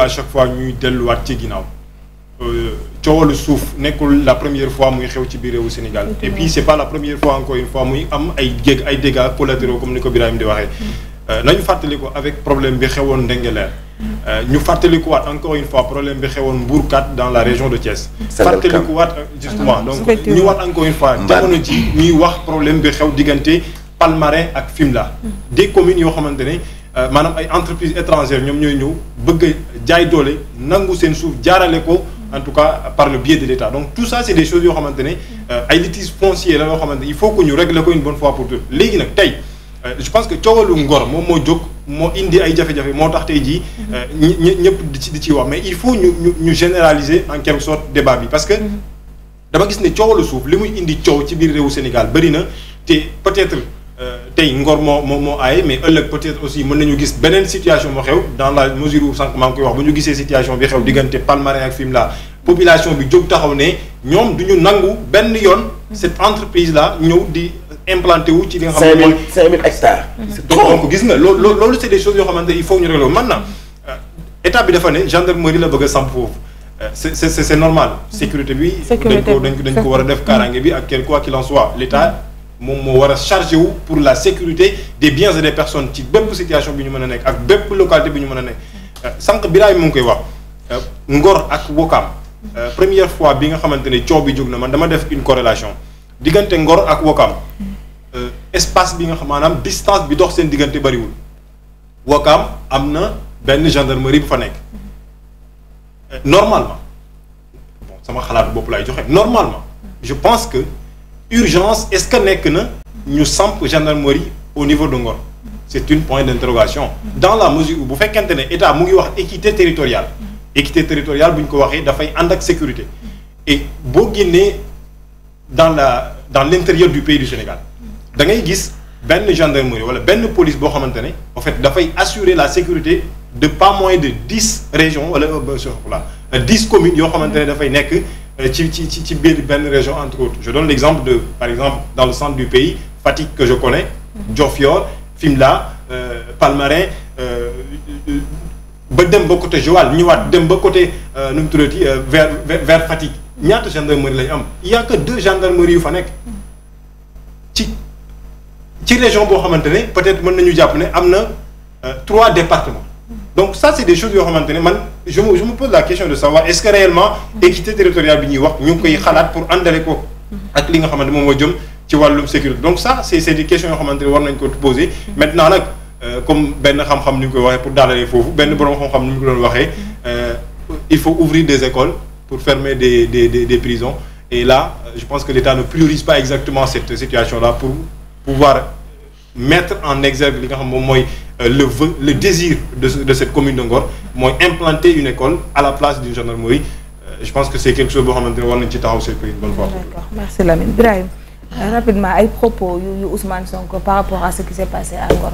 à chaque fois ñuy delluwaat ci ginnaaw euh, coowalu suuf nekkul la première fois muy xew ci biir réewu Sénégal et puis c'est pas la première fois encore une fois muy am ay jég ay dégâts collatéraux comme ni ko Birahim di waxee mm-hmm. euh, nañu ko avec problème bi xewoon Ndengeleer mm-hmm. euh, ñu ko fàttalikuwaat encore une fois problème bi xewoon Mbourkat dans la région de Thiès mm-hmm. fàttalikuwaat justement ah, donc ñu waat encore une fois jamono ji ñuy wax problème bi xew diggante Palmarin ak Fimela des yoo xamante ne Euh, maanaam ay entreprises étrangères ñoom ñooy ñëw bëgg jaay doole nangu seen suuf jaarale ko en tout cas par le biais de l'État donc tout ça c'est des choses yoo xamante ne euh, ay litiges fonciers la yoo xamante ne il faut que ñu régler ko une bonne fois pour toutes léegi nag tey euh, je pense que coowalu Ngor moom moo jóg moo indi ay jafe-jafe moo tax tey jii ñi ñëpp di ci di ciy wax mais il faut ñu ñu ñu généraliser en quelque sorte débat bi parce que mm-hmm. dama gis ne coowalu suuf li muy indi coow ci biir réewu Sénégal bëri na te peut-être Euh, tey ngor moo moo moo aay mais ëllëg peut-être aussi mën nañu gis beneen situation moo xew dans la mesure où sànq maa ngi koy wax bu ñu gisee situation bi xew diggante Palmarin ak Fimela population bi jóg taxaw ne ñoom du ñu nangu benn yoon cette entreprise là ñëw di implanté wu ci li nga xam ne cinq mille hectares mm-hmm. donc gis nga loolu loolu c'est des yoo xamante il faut ñu régler man na euh, état bi dafa ne gendarmerie la bëgg a samp foofu euh, c'est c'est bi dañ ko ko ko war a def bi ak quel quoi moom moo war a chargé wu pour la sécurité des biens et des personnes ci bépp situation bi ñu mën a nekk ak bépp localité bi ñu mën a nekk euh, sànq bi mu ngi koy wax euh, Ngor ak Wokam euh, première fois bi nga xamante ne coow bi jóg na man dama def une corrélation diggante Ngor ak Wokam espace bi nga xam maanaam distance bi dox seen diggante bariwul Wokam am na benn gendarmerie bu fa nekk normalement bon sama xalaat bopp laay joxe normalement je pense que urgence est-ce que nekk na ñu samp gendarmerie au niveau de Ngor c'est une point d'interrogation dans la mesure bu fekkente ne état mu ngi wax équité territoriale équité territoriale bu ñu ko waxee dafay ànd ak sécurité et boo génnee dans la dans l'intérieur du pays du Sénégal da ngay gis benn gendarmerie wala benn police boo xamante ne en fait dafay assurer la sécurité de pas moins de dix régions wala euh, voilà, dix communes yoo xamante ne dafay nekk ci ci ci biir benn région entre autres je donne l'exemple de par exemple dans le centre du pays Fatick que je connais mhm. Diofior Fimela euh, Palmarin euh, euh, ba dem ba côté Joal ñëwaat dem ba côté nu vers vers Fatick ñaata gendarmerie lañu am il y a que deux gendarmeries yu fa nekk ci ci région boo xamante ne peut-être mën nañu jàpp ne am na trois départements donc ça c'est des choses yoo xamante ne man je me je pose la question de savoir est-ce que réellement mm-hmm. équité territoriale bi ñuy wax ñu ngi koy xalaat pour àndale ko mm-hmm. ak li nga xamante moom moo jëm ci wàllum sécurité donc ça c'est c'est des questions yoo xamante ne war nañ ko poser mm-hmm. maintenant nag euh, comme benn xam-xam ni ñu koy waxee pour daalalee foofu benn borom xam-xam ni ñu ko doon euh, il faut ouvrir des écoles pour fermer des des des, des prisons et là je pense que l'État ne priorise pas exactement cette situation là pour pouvoir mettre en exergue li nga xam moom mooy euh, le vœu le désir de de cette commune de Ngor mooy implanter une école à la place d'une gendarmerie euh, je pense que c'est quelque chose boo xamante ne war nañ ci taxaw c'est une bonne fois. D'accord merci Lamine euh, par rapport à ce qui s'est passé à